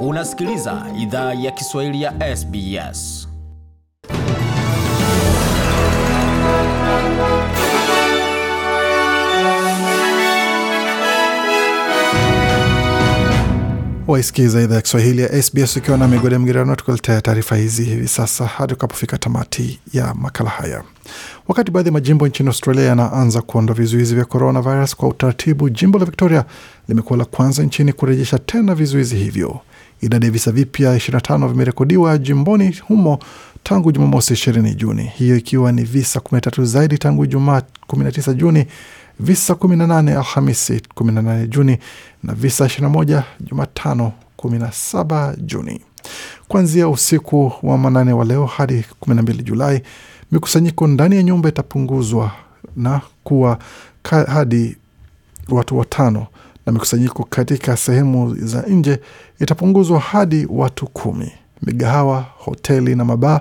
Unasikiliza idhaa ya Kiswahili ya SBS. Waisikiza idhaa ya Kiswahili ya SBS ukiwa na migode mgirano, tukuletea taarifa hizi hivi sasa hadi tukapofika tamati ya makala haya. Wakati baadhi ya majimbo nchini Australia yanaanza kuondoa vizuizi vya coronavirus kwa utaratibu, jimbo la Victoria limekuwa la kwanza nchini kurejesha tena vizuizi hivyo. Idadi ya visa vipya 25 vimerekodiwa jimboni humo tangu Jumamosi 20 Juni, hiyo ikiwa ni visa 13 zaidi tangu Jumaa 19 Juni, visa 18 Alhamisi 18 Juni na visa 21 Jumatano 17 Juni. Kuanzia usiku wa manane wa leo hadi 12 Julai, mikusanyiko ndani ya nyumba itapunguzwa na kuwa hadi watu watano na mikusanyiko katika sehemu za nje itapunguzwa hadi watu kumi. Migahawa, hoteli na mabaa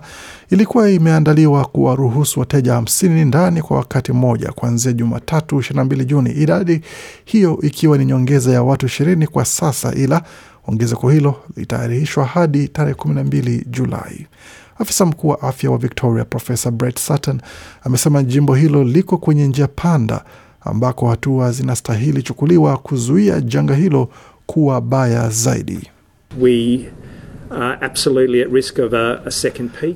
ilikuwa imeandaliwa kuwaruhusu wateja hamsini ndani kwa wakati mmoja kuanzia Jumatatu 22 Juni, idadi hiyo ikiwa ni nyongeza ya watu ishirini kwa sasa, ila ongezeko hilo litaahirishwa hadi tarehe 12 Julai. Afisa mkuu wa afya wa Victoria Profesa Brett Sutton amesema jimbo hilo liko kwenye njia panda ambako hatua zinastahili chukuliwa kuzuia janga hilo kuwa baya zaidi. We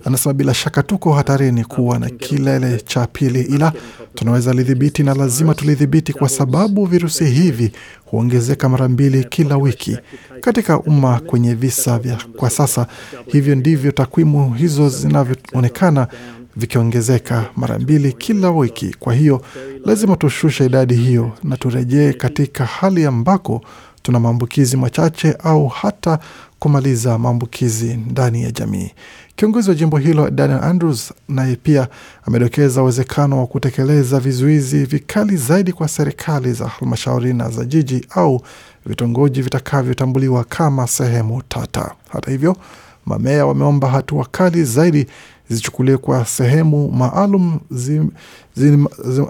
Anasema bila shaka tuko hatarini kuwa na kilele cha pili, ila tunaweza lidhibiti na lazima tulidhibiti, kwa sababu virusi hivi huongezeka mara mbili kila wiki katika umma kwenye visa vya kwa sasa. Hivyo ndivyo takwimu hizo zinavyoonekana vikiongezeka mara mbili kila wiki. Kwa hiyo lazima tushushe idadi hiyo na turejee katika hali ambako tuna maambukizi machache au hata kumaliza maambukizi ndani ya jamii. Kiongozi wa jimbo hilo Daniel Andrews naye pia amedokeza uwezekano wa kutekeleza vizuizi vikali zaidi kwa serikali za halmashauri na za jiji au vitongoji vitakavyotambuliwa kama sehemu tata. Hata hivyo, mameya wameomba hatua kali zaidi zichukuliwe kwa sehemu maalum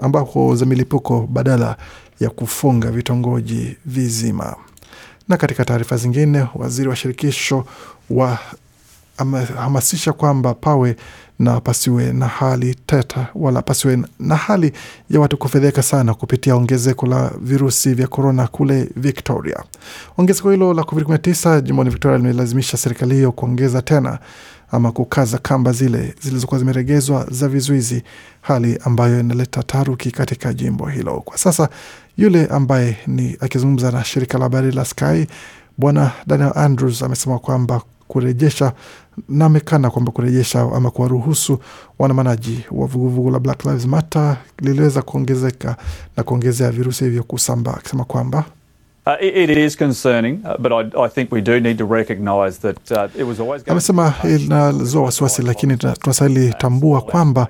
ambako za milipuko badala ya kufunga vitongoji vizima. Na katika taarifa zingine, waziri wa shirikisho hamasisha kwamba pawe na pasiwe na hali teta wala pasiwe na hali ya watu kufedheka sana kupitia ongezeko la virusi vya korona kule Victoria. Ongezeko hilo la COVID-19 jimboni Victoria limelazimisha serikali hiyo kuongeza tena ama kukaza kamba zile zilizokuwa zimeregezwa za vizuizi, hali ambayo inaleta taharuki katika jimbo hilo kwa sasa. Yule ambaye ni akizungumza na shirika la habari la Sky, Bwana Daniel Andrews amesema kwamba kurejesha na amekana kwamba kurejesha ama kuwaruhusu waandamanaji wa vuguvugu la Black Lives Matter liliweza kuongezeka na kuongezea virusi hivyo kusambaa, akisema kwamba Uh, uh, uh, Amesema inazua wasiwasi, lakini tunastahili tambua kwamba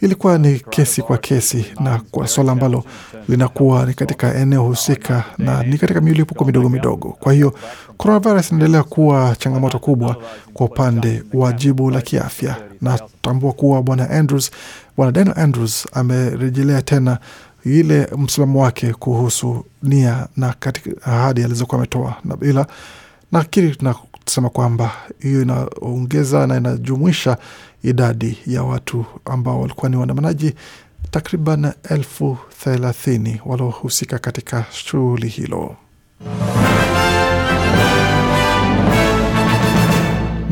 ilikuwa ni kesi kwa kesi na kwa swala ambalo linakuwa ni katika eneo husika na ni katika milipuko midogo midogo. Kwa hiyo coronavirus inaendelea kuwa changamoto kubwa kwa upande wa jibu la kiafya. Natambua kuwa bwana Andrews, bwana Daniel Andrews amerejelea tena ile msimamo wake kuhusu nia na katika ahadi alizokuwa ametoa, ila nakiri tunasema kwamba hiyo inaongeza na inajumuisha idadi ya watu ambao walikuwa ni waandamanaji takriban elfu thelathini waliohusika katika shughuli hilo.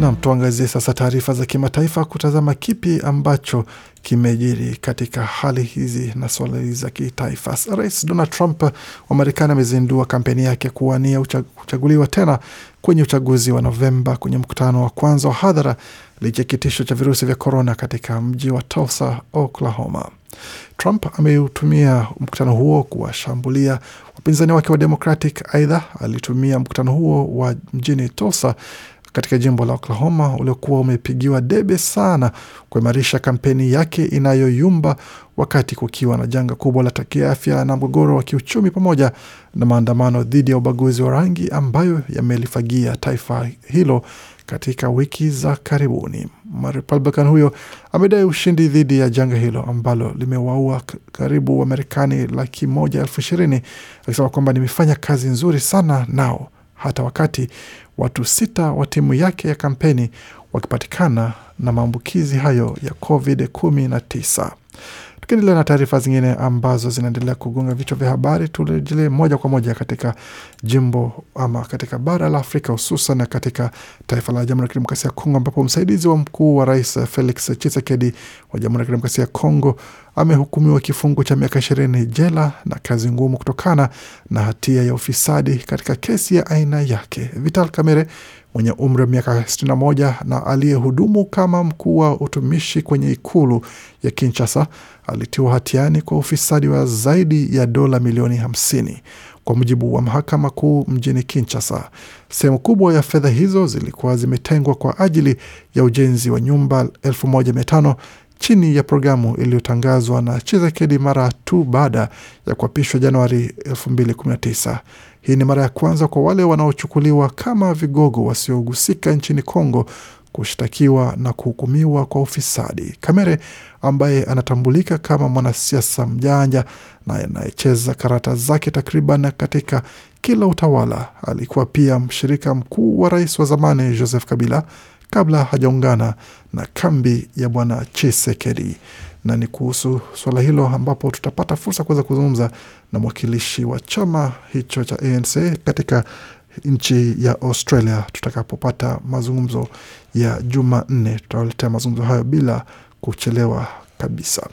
Nam, tuangazie sasa taarifa za kimataifa kutazama kipi ambacho kimejiri katika hali hizi na suala hizi za kitaifa. Rais Donald Trump wa Marekani amezindua kampeni yake kuwania kuchaguliwa tena kwenye uchaguzi wa Novemba kwenye mkutano wa kwanza wa hadhara licha ya kitisho cha virusi vya korona katika mji wa Tulsa, Oklahoma. Trump ameutumia mkutano huo kuwashambulia wapinzani wake wa Democratic. Aidha, alitumia mkutano huo wa mjini Tulsa katika jimbo la Oklahoma uliokuwa umepigiwa debe sana kuimarisha kampeni yake inayoyumba wakati kukiwa na janga kubwa la kiafya na mgogoro wa kiuchumi pamoja na maandamano dhidi ya ubaguzi wa rangi ambayo yamelifagia taifa hilo katika wiki za karibuni. Republican huyo amedai ushindi dhidi ya janga hilo ambalo limewaua karibu Wamarekani laki moja elfu ishirini akisema kwamba nimefanya kazi nzuri sana nao hata wakati watu sita wa timu yake ya kampeni wakipatikana na maambukizi hayo ya COVID-19. Tukiendelea na taarifa zingine ambazo zinaendelea kugonga vichwa vya habari, turejelee moja kwa moja katika jimbo ama katika bara la Afrika, hususan katika taifa la Jamhuri ya Kidemokrasia ya Kongo, ambapo msaidizi wa mkuu wa rais Felix Tshisekedi wa Jamhuri ya Kidemokrasia ya Kongo amehukumiwa kifungo cha miaka ishirini jela na kazi ngumu kutokana na hatia ya ufisadi katika kesi ya aina yake. Vital Kamere mwenye umri wa miaka 61 na aliyehudumu kama mkuu wa utumishi kwenye ikulu ya Kinshasa alitiwa hatiani kwa ufisadi wa zaidi ya dola milioni 50 kwa mujibu wa mahakama kuu mjini Kinshasa. Sehemu kubwa ya fedha hizo zilikuwa zimetengwa kwa ajili ya ujenzi wa nyumba 1500 chini ya programu iliyotangazwa na Chisekedi mara tu baada ya kuapishwa Januari 2019. Hii ni mara ya kwanza kwa wale wanaochukuliwa kama vigogo wasiohusika nchini Kongo kushtakiwa na kuhukumiwa kwa ufisadi. Kamere ambaye anatambulika kama mwanasiasa mjanja na anayecheza karata zake takriban katika kila utawala, alikuwa pia mshirika mkuu wa rais wa zamani Joseph Kabila kabla hajaungana na kambi ya bwana Chisekedi, na ni kuhusu swala hilo ambapo tutapata fursa kuweza kuzungumza na mwakilishi wa chama hicho cha ANC katika nchi ya Australia tutakapopata mazungumzo ya Jumanne. Tutawaletea mazungumzo hayo bila kuchelewa kabisa.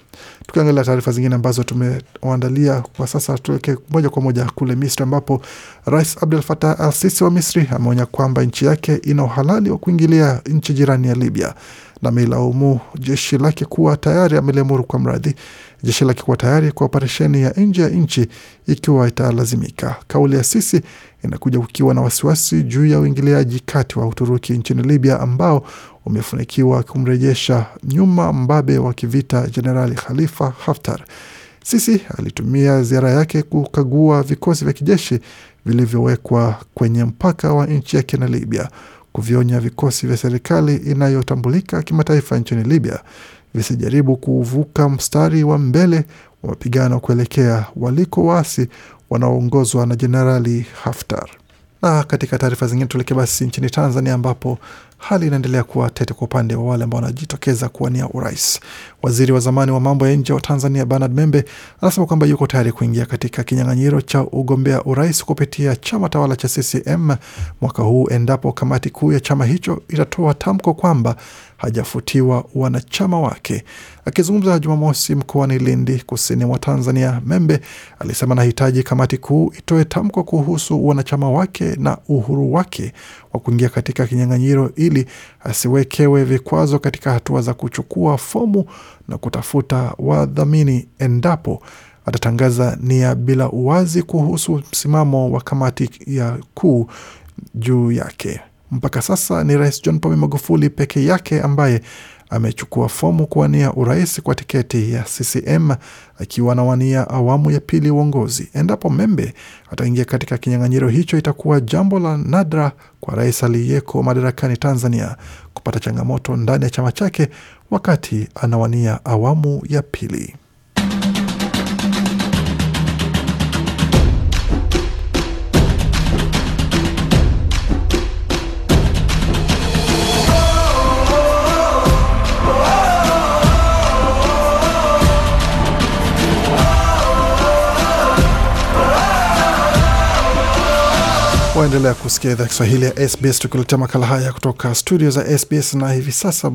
Tukiangalia taarifa zingine ambazo tumeandalia kwa sasa, tuweke moja kwa moja kule Misri ambapo Rais Abdel Fattah al Sisi wa Misri ameonya kwamba nchi yake ina uhalali wa kuingilia nchi jirani ya Libya na ameilaumu jeshi lake kuwa tayari ameliamuru kwa mradhi jeshi lake kuwa tayari kwa operesheni ya nje ya nchi ikiwa italazimika. Kauli ya Sisi inakuja kukiwa na wasiwasi juu ya uingiliaji kati wa Uturuki nchini Libya ambao umefanikiwa kumrejesha nyuma mbabe wa kivita Jenerali Khalifa Haftar. Sisi alitumia ziara yake kukagua vikosi vya kijeshi vilivyowekwa kwenye mpaka wa nchi yake na Libya, kuvionya vikosi vya serikali inayotambulika kimataifa nchini Libya visijaribu kuuvuka mstari wa mbele wa mapigano kuelekea waliko waasi wanaoongozwa na Jenerali Haftar. Na katika taarifa zingine, tuelekee basi nchini Tanzania ambapo hali inaendelea kuwa tete kwa upande wa wale ambao wanajitokeza kuwania urais. Waziri wa zamani wa mambo ya nje wa Tanzania Bernard Membe anasema kwamba yuko tayari kuingia katika kinyang'anyiro cha ugombea urais kupitia chama tawala cha CCM mwaka huu endapo kamati kuu ya chama hicho itatoa tamko kwamba hajafutiwa wanachama wake. Akizungumza Jumamosi mkoani Lindi, kusini mwa Tanzania, Membe alisema anahitaji kamati kuu itoe tamko kuhusu wanachama wake na uhuru wake wa kuingia katika kinyang'anyiro ili asiwekewe vikwazo katika hatua za kuchukua fomu na kutafuta wadhamini endapo atatangaza nia bila uwazi kuhusu msimamo wa kamati ya kuu juu yake. Mpaka sasa ni Rais John Pombe Magufuli peke yake ambaye amechukua fomu kuwania urais kwa tiketi ya CCM akiwa anawania awamu ya pili uongozi. Endapo Membe ataingia katika kinyang'anyiro hicho, itakuwa jambo la nadra kwa rais aliyeko madarakani Tanzania kupata changamoto ndani ya chama chake wakati anawania awamu ya pili. Unaendelea kusikia idhaa Kiswahili ya SBS tukiletea makala haya kutoka studio za SBS na hivi sasa,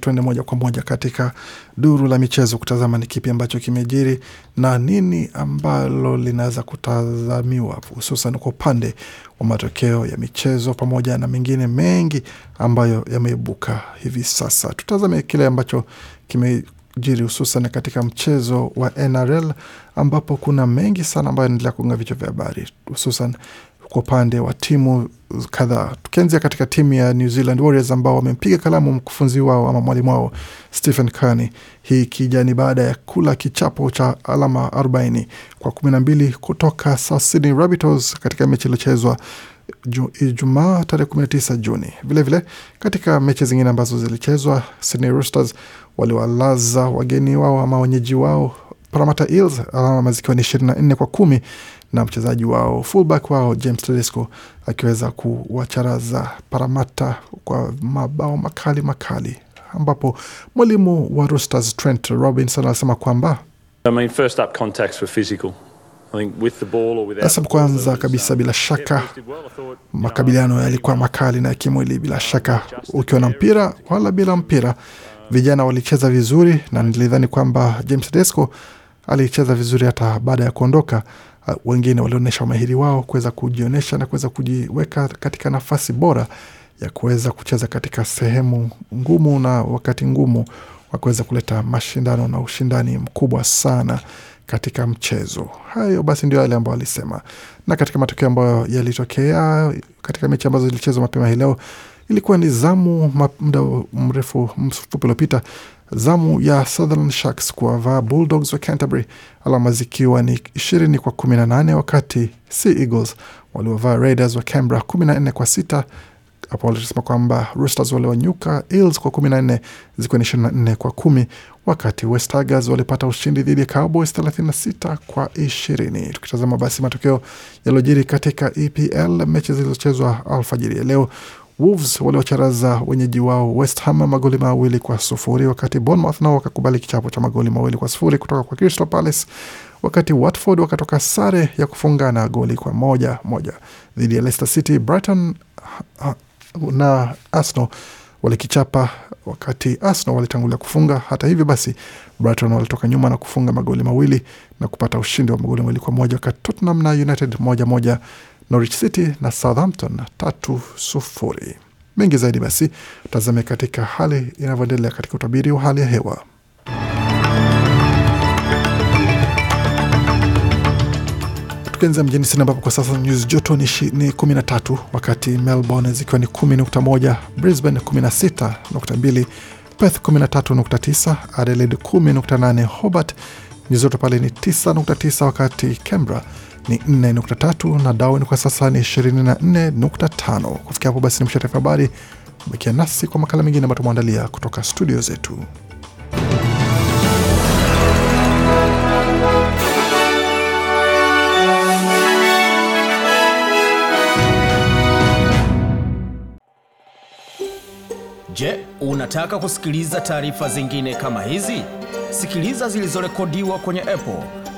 tuende moja kwa moja katika duru la michezo kutazama ni kipi ambacho kimejiri na nini ambalo linaweza kutazamiwa hususan kwa upande wa matokeo ya michezo pamoja na mengine mengi ambayo yameibuka hivi sasa. Tutazame kile ambacho kime jiri hususan katika mchezo wa NRL ambapo kuna mengi sana ambayo yanaendelea kuunga vichwa vya habari hususan kwa upande wa timu kadhaa, tukianzia katika timu ya New Zealand Warriors ambao wamempiga kalamu mkufunzi wao ama mwalimu wao Stephen Carney, hii ikija ni baada ya kula kichapo cha alama 40 kwa 12 kutoka South Sydney Rabbitohs katika mechi iliyochezwa Ijumaa tarehe 19 Juni. Vilevile vile, katika mechi zingine ambazo zilichezwa, Sydney Roosters waliwalaza wageni wao ama wenyeji wao Parramatta Eels alama zikiwa ni 24 kwa kumi na mchezaji wao fullback wao James Tedesco akiweza kuwacharaza Paramata kwa mabao makali makali, ambapo mwalimu wa Roosters Trent Robinson anasema kwamba I mean, first up contacts were physical Nasema kwanza kabisa, uh, bila shaka makabiliano yalikuwa makali na ya kimwili, bila shaka, ukiwa na mpira wala bila mpira. Vijana walicheza vizuri, na nilidhani kwamba James Tedesco alicheza vizuri hata baada ya kuondoka, Uh, wengine walionyesha umahiri wao kuweza kujionyesha na kuweza kujiweka katika nafasi bora ya kuweza kucheza katika sehemu ngumu na wakati ngumu wa kuweza kuleta mashindano na ushindani mkubwa sana katika mchezo. Hayo basi ndio yale ambayo alisema, na katika matokeo ambayo yalitokea katika mechi ambazo zilichezwa mapema hii leo ilikuwa ni zamu muda mrefu mfupi uliopita, zamu ya Southern Sharks kuwavaa Bulldogs wa Canterbury, alama zikiwa ni ishirini kwa kumi na nane wakati Sea Eagles waliovaa Raiders wa Canberra kumi na nne kwa sita hapo walisema kwamba Roosters waliwanyuka Eels kwa kumi na nne zikiwa ni ishirini na nne kwa kumi, wakati West Tigers walipata ushindi dhidi ya Cowboys thelathini na sita kwa ishirini. Tukitazama basi matokeo yaliyojiri katika EPL, mechi zilizochezwa alfajiri ya leo, Wolves waliocharaza wenyeji wao West Ham magoli mawili kwa sufuri, wakati Bournemouth nao wakakubali kichapo cha magoli mawili kwa sufuri kutoka kwa Crystal Palace, wakati Watford wakatoka sare ya kufungana goli kwa moja moja dhidi ya Leicester City. Brighton na Arsenal walikichapa wakati Arsenal walitangulia kufunga. Hata hivyo basi, Brighton walitoka nyuma na kufunga magoli mawili na kupata ushindi wa magoli mawili kwa moja, wakati Tottenham na United moja moja Norwich City na Southampton tatu sufuri. Mengi zaidi basi tutazame katika hali inavyoendelea katika utabiri wa hali ya hewa. Tukianza mjini Sydney ambapo kwa sasa nyuzi joto ni 13, wakati Melbourne zikiwa ni 10.1, Brisbane 16.2, Perth 13.9, Adelaide 10.8, Hobart nyuzi joto pale ni 9.9, wakati Canberra ni 4.3 na Darwin kwa sasa ni 24.5. Kufikia hapo basi ni mwisho wa taarifa habari. Bakia nasi kwa makala mengine ambayo tumeandalia kutoka studio zetu. Je, unataka kusikiliza taarifa zingine kama hizi? Sikiliza zilizorekodiwa kwenye Apple